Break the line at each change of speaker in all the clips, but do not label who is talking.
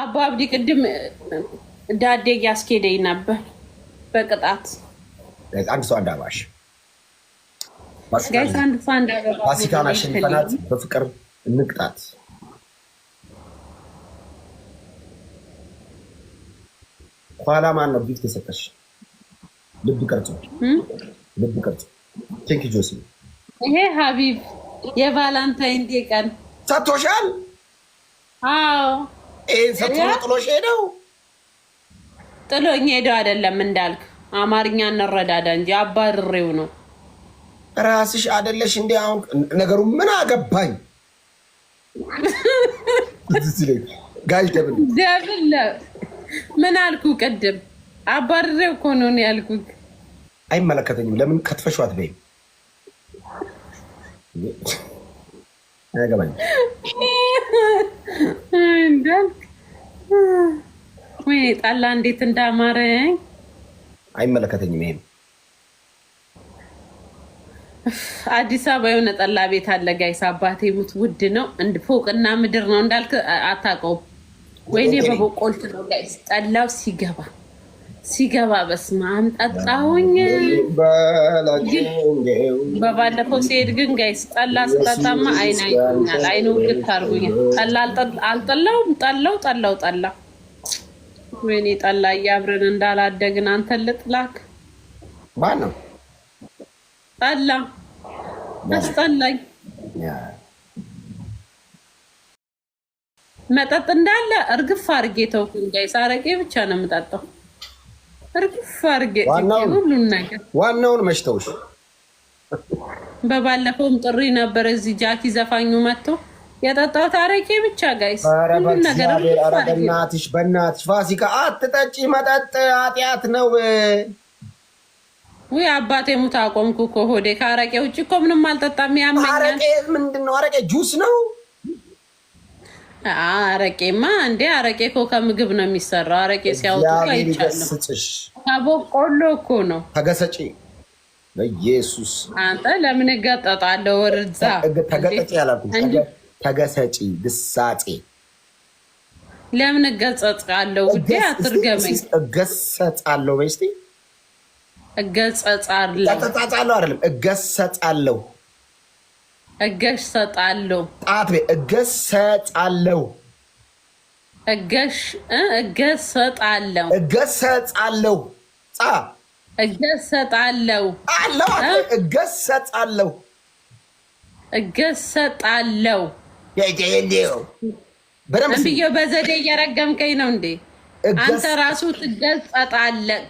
አባ አብዲ ቅድም ዳዴ ያስኬደኝ ነበር በቅጣት
አንድ ሰው አንድ አባሽ ፋሲካን አሸንፈናት በፍቅር እንቅጣት። ኋላ ማን ነው ጊፍት የሰጠሽ? ልብ ቅርጽ ልብ ቅርጽ ቴንክ ጆሲ
ይሄ ሀቢብ የቫላንታይን ዴ ቀን ሰጥቶሻል። አዎ
ይህን ሰጥቶ ጥሎሽ ሄደው
ጥሎኝ ሄደው አይደለም እንዳልክ አማርኛ እንረዳዳ እንጂ አባርሬው ነው።
ራስሽ አደለሽ እንዲ አሁን ነገሩ ምን አገባኝ። ጋሽ ደብል
ምን አልኩ? ቅድም አባርሬው እኮ ነው ያልኩት።
አይመለከተኝም። ለምን ከትፈሽው አትበይም? አያገባኝም
እንዳልክ ወይ ጠላ እንዴት እንዳማረኝ።
አይመለከተኝም። ይሄም
አዲስ አበባ የሆነ ጠላ ቤት አለ ጋይስ፣ አባቴ ሙት ውድ ነው። እንድ ፎቅና ምድር ነው እንዳልክ አታውቀውም። ወይኔ በበቆልት ነው ጋይስ ጠላው ሲገባ ሲገባ በስመ አብ ጠጣሁኝ። በባለፈው ሲሄድ ግን ጋይስ ጠላ ስጠጣማ አይን አይኛል አይን ውድት አድርጎኛል። ጠላ አልጠላውም ጠላው ጠላው ጠላ ወይኔ ጠላ እያብረን እንዳላደግን አንተን ልጥላክ ማነው ጠላ አስጠላኝ። መጠጥ እንዳለ እርግፍ አድርጌ ተውኩኝ ጋይስ። አረቄ ብቻ ነው የምጠጣው
ዋናውን መሽተውሽ
በባለፈውም ጥሪ ነበር። እዚህ ጃኪ ዘፋኙ መጥቶ የጠጣሁት አረቄ ብቻ ጋይስ፣
በናትሽ በናትሽ ፋሲካ አትጠጪ፣ መጠጥ ኃጢአት ነው።
ውይ አባቴ ሙት አቆምኩ እኮ ሆዴ። ከአረቄ ውጭ እኮ ምንም አልጠጣም፣ ያመኛል።
አረቄ ምንድን ነው? አረቄ ጁስ ነው።
አረቄማ እንዴ! አረቄ እኮ ከምግብ ነው የሚሰራው። አረቄ ሲያወጡ አይቻለሁ። ከቦቆሎ እኮ ነው
ተገሰጪ። በኢየሱስ
አንተ ለምን እገጠጣለሁ? ወርዛ
ተገጠጪ አላልኩም፣ ተገሰጪ። ግሳጼ
ለምን እገጸጻለሁ? ውዴ አትርገመኝ።
እገሰጻለሁ በይ እስኪ
እገጸጻለሁ።
አይደለም እገሰጣለሁ፣
እገሰጣለሁ።
ጣት ቤ እገሰጣለሁ እገሰጣለሁ እገሰጣለሁ
እገሰጣለሁ
አለው እገሰጣለሁ
እገሰጣለሁ በዘዴ እየረገምከኝ ነው እንዴ? አንተ ራሱ ትገሰጣለህ።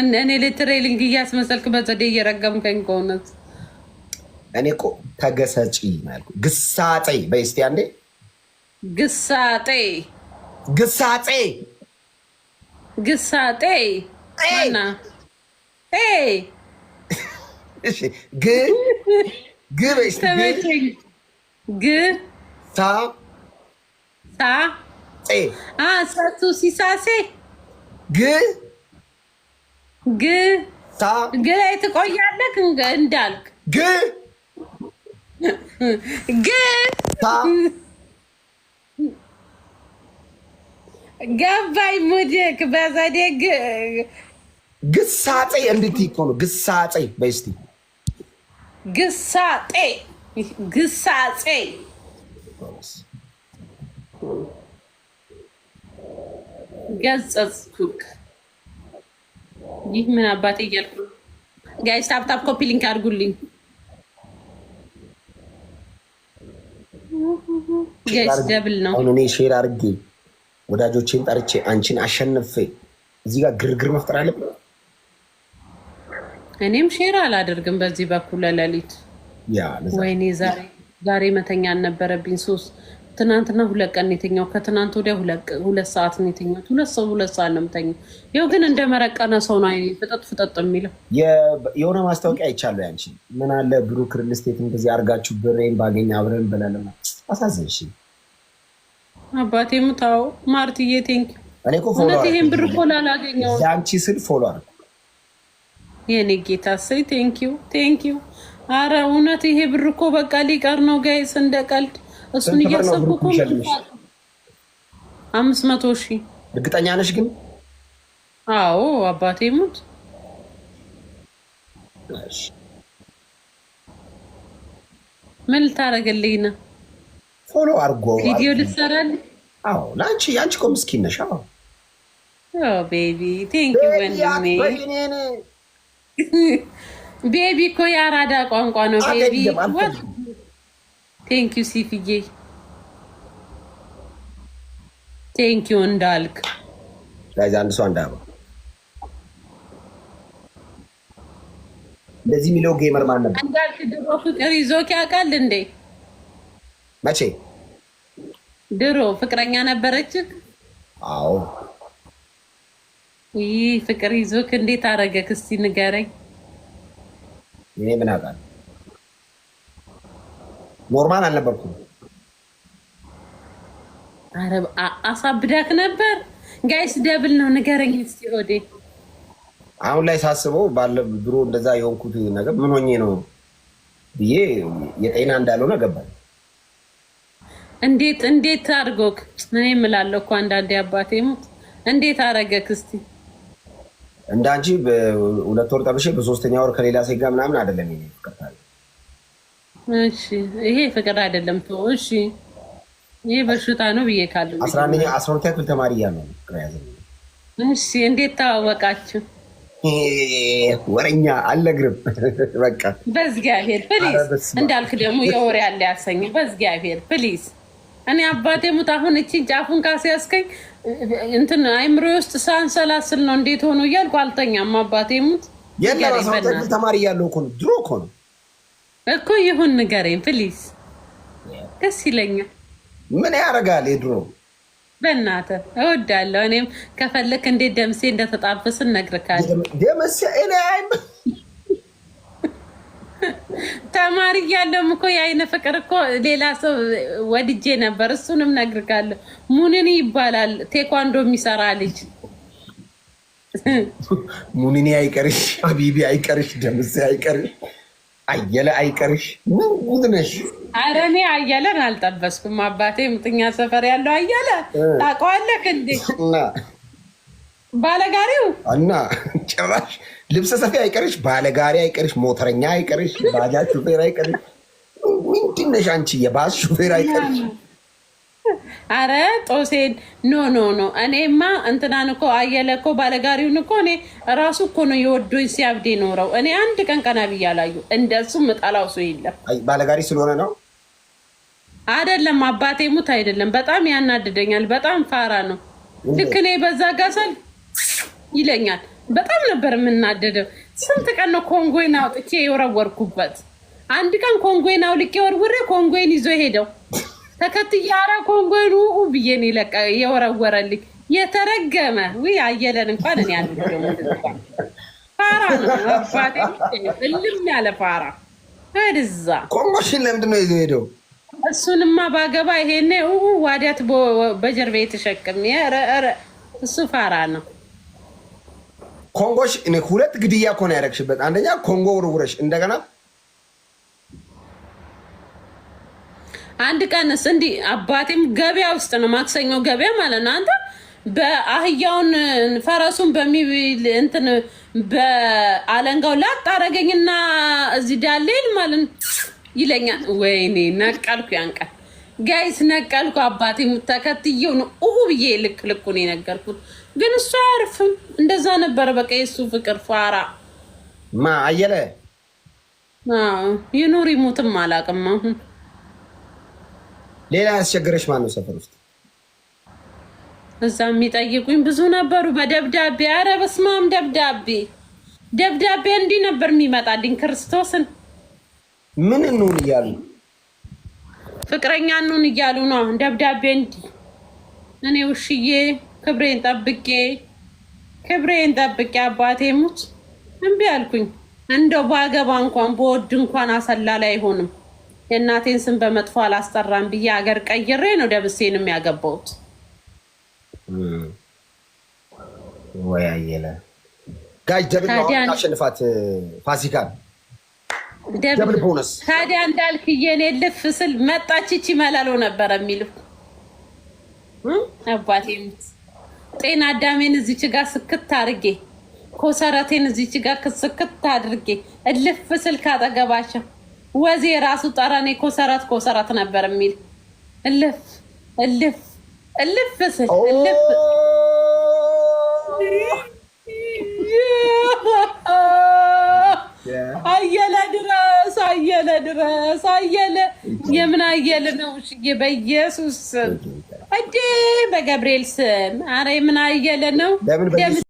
እኔ እያስመሰልክ በዘዴ እየረገምከኝ ከሆነ
እኔ እኮ ተገሰጪ ግሳጤ አንዴ
ግሳጤ ግሳጼ ግሳጤ ሳቱ ሲሳሴ ግ ግ ግ ላይ ትቆያለህ እንዳልክ ግ ግ ገባይ ሙድክ በዘዴግ
ግሳጼ እንድት እኮ ነው ግሳጼ። በስቲ
ግሳጤ ግሳጼ ገጸጽኩክ። ይህ ምን አባት እያልኩ ጋይስ፣ ታፕታፕ ኮፒ ሊንክ አድርጉልኝ ጋይስ። ደብል ነው
ሼር አድርጌ ወዳጆቼን ጠርቼ አንቺን አሸንፌ እዚህ ጋር ግርግር መፍጠር አለብ።
እኔም ሼር አላደርግም በዚህ በኩል ለሌሊት ወይኔ ዛሬ መተኛ አልነበረብኝ ሶስት ትናንትና ሁለት ቀን የተኛው ከትናንት ወዲያ ሁለት ሰዓት ነው የተኛው። ሁለት ሰው ሁለት ሰዓት ነው የምተኛው። ያው ግን እንደ መረቀነ ሰው ነው አይኔ ፍጠጥ ፍጠጥ የሚለው
የሆነ ማስታወቂያ አይቻለሁ። ያንቺ ምን አለ ብሩክ ሪል ስቴት እንደዚህ አድርጋችሁ ብሬን ባገኝ አብረን ብለንና አሳዘንሽ።
አባቴም ታው ማርትዬ ቴንክ እኔ እኮ ፎሎ አድርጌ ይሄን ብር እኮ ላላገኘው
ያንቺ ስል ፎሎ አድርጌ
የኔ ጌታ ሰይ ቴንክ ዩ ቴንክ ዩ። አረ እውነት ይሄ ብር እኮ በቃ ሊቀር ነው ጋይስ፣ እንደ ቀልድ እሱን እያሰብኩ እኮ አምስት መቶ ሺህ
እርግጠኛ ነሽ ግን?
አዎ አባቴ ሙት ምን ልታደርግልኝ ነው? ፎሎ አድርጎ ቪዲዮ ልትሰራል።
አዎ ለአንቺ የአንቺ እኮ ምስኪን ነሽ። አዎ
ቤቢ ቴንክ ዩ ወንድሜ። ቤቢ እኮ የአራዳ ቋንቋ ነው። ቤቢ ቴንክ ዩ ሲፍዬ ቴንክ ዩ እንዳልክ
ላይ አንድ ሰው እንዳ እንደዚህ የሚለው ጌመር ማን ነበር?
እንዳልክ ድሮ ፍቅር ይዞ ያውቃል እንዴ? መቼ ድሮ ፍቅረኛ ነበረች? አዎ። ይህ ፍቅር ይዞክ እንዴት አደረገክ? እስቲ ንገረኝ።
እኔ ምን አውቃለሁ? ኖርማል አልነበርኩም።
አረብ አሳብዳክ ነበር። ጋይስ ደብል ነው። ንገረኝ እስቲ ሆዴ።
አሁን ላይ ሳስበው ባለ ድሮ እንደዛ የሆንኩት ነገር ምን ሆኜ ነው ብዬ የጤና እንዳልሆነ ገባኝ።
እንዴት እንዴት አድርጎክ እኔ እምላለሁ እኮ አንዳንዴ አባቴ ሞት እንዴት አረገክ? እስቲ
እንዳንቺ ሁለት ወር ጠብሼ በሶስተኛ ወር ከሌላ ሴጋ ምናምን አይደለም። ይሄ ፍቅር
ይሄ ፍቅር አይደለም። እሺ፣ ይህ በሽታ ነው ብዬ ካለ
አስራ አንደኛ አስራ ሁለተኛ ክፍል ተማሪ እያለሁ ያዘ።
እሺ፣ እንዴት ተዋወቃችሁ?
ወረኛ አልነግርም። በቃ
በእግዚአብሔር ፕሊዝ፣ እንዳልክ ደግሞ የወሬ አለ ያሰኝ። በእግዚአብሔር ፕሊዝ እኔ አባቴ ሙት አሁን እቺን ጫፉን ካስያዝከኝ እንትን አይምሮ ውስጥ ሳንሰላስል ነው እንዴት ሆኑ እያልኩ አልተኛም። አባቴ ሙት
ተማሪ እያለሁ እኮ ነው ድሮ እኮ ነው
እኮ ይሁን ንገረኝ ፕሊዝ፣ ደስ ይለኛል።
ምን ያደርጋል የድሮ
በእናተ እወዳለሁ። እኔም ከፈለክ እንዴት ደምሴ እንደተጣበስን ነግርካል
ደምሴ እኔ
ተማሪ እያለሁም እኮ የአይነ ፍቅር እኮ ሌላ ሰው ወድጄ ነበር። እሱንም ነግርካለሁ። ሙኒኒ ይባላል ቴኳንዶ የሚሰራ ልጅ።
ሙኒኒ አይቀርሽ፣ አቢቢ አይቀርሽ፣ ደምሴ አይቀርሽ፣ አየለ አይቀርሽ። ምን ጉድ ነሽ?
እኔ አየለን አልጠበስኩም። አባቴ ምጥኛ ሰፈር ያለው አየለ ታውቀዋለህ እንዴ? ባለጋሪው
እና ጭራሽ ልብሰ ሰፊ አይቀርሽ፣ ባለጋሪ አይቀርሽ፣ ሞተረኛ አይቀርሽ፣ ባጃጅ ሹፌር አይቀርሽ። ምንድን ነሽ አንቺ? የባስ ሹፌር አይቀርሽ።
አረ ጦሴን ኖ ኖ ኖ። እኔማ እንትናን እኮ አየለ እኮ ባለጋሪውን እኮ እኔ ራሱ እኮ ነው የወዶኝ ሲያብድ ኖረው። እኔ አንድ ቀን ቀና ብዬ እንደሱ ምጣላው ሰው የለም።
ባለጋሪ ስለሆነ ነው
አይደለም። አባቴ ሙት አይደለም። በጣም ያናድደኛል። በጣም ፋራ ነው። ልክ እኔ በዛ ጋሰል ይለኛል በጣም ነበር የምናደደው። ስንት ቀን ነው ኮንጎይን አውጥቼ የወረወርኩበት? አንድ ቀን ኮንጎይን አውልቄ ወርውሬ ኮንጎይን ይዞ ሄደው ተከትዬ ኧረ ኮንጎይን ውኡ ብዬን ነው የወረወረልኝ። የተረገመ ው አየለን እንኳን እኔ ያለ ፋራ ነው አባቴ፣ እልም ያለ ፋራ ወደዛ
ኮንጎሽን ለምንድን ነው ይዞ ሄደው?
እሱንማ ባገባ ይሄኔ ዋዲያት በጀርቤ የተሸቅም እሱ ፋራ ነው።
ኮንጎሽ ሁለት ግድያ ኮን ያደረግሽበት አንደኛ ኮንጎ ውርውረሽ እንደገና
አንድ ቀንስ እንዲህ አባቴም ገበያ ውስጥ ነው ማክሰኞ ገበያ ማለት ነው። አንተ በአህያውን ፈረሱን በሚል እንትን በአለንጋው ላጥ አረገኝና እዚህ ዳሌል ማለት ይለኛል። ወይኔ ነቀልኩ ያንቀል ጋይስ ነቀልኩ። አባቴ ተከትየው ነው ኡ ብዬ ልክ ልኩን የነገርኩት፣ ግን እሱ አያርፍም። እንደዛ ነበረ በቃ የእሱ ፍቅር ፋራ ማ አየለ ይኑር ይሙትም አላውቅም። አሁን
ሌላ ያስቸገረች ማነው ሰፈር ውስጥ?
እዛ የሚጠይቁኝ ብዙ ነበሩ በደብዳቤ። አረ በስመ አብ ደብዳቤ ደብዳቤ እንዲህ ነበር የሚመጣልኝ ክርስቶስን
ምን እንሁን እያሉ
ፍቅረኛ ኑን እያሉ ነው። ደብዳቤ እንዲ እኔ ውሽዬ ክብሬን ጠብቄ ክብሬን ጠብቄ አባቴ ሙት እምቢ አልኩኝ። እንደው ባገባ እንኳን በወድ እንኳን አሰላ ላይ አይሆንም። የእናቴን ስም በመጥፎ አላስጠራም ብዬ ሀገር ቀይሬ ነው ደብሴንም ያገባሁት።
ወያየለ ጋጅ ደብል አሸንፋት ፋሲካን ደብል ቦነስ።
ታዲያ እንዳልክ የኔ ልፍ ስል መጣች ይቺ መላሎ ነበር የሚል አባቴ ጤና አዳሜን እዚች ጋር ስክት አድርጌ ኮሰረቴን እዚች ጋር ስክት አድርጌ እልፍ ስል ካጠገባቸው ወዜ ራሱ ጠረኔ ኮሰረት ኮሰረት ነበር የሚል እልፍ እልፍ እልፍ ስል እልፍ አየለ ድረስ አየለ ድረስ አየለ የምን አየለ ነው? በኢየሱስ እንዴ፣ በገብርኤል ስም አረ የምን አየለ
ነው?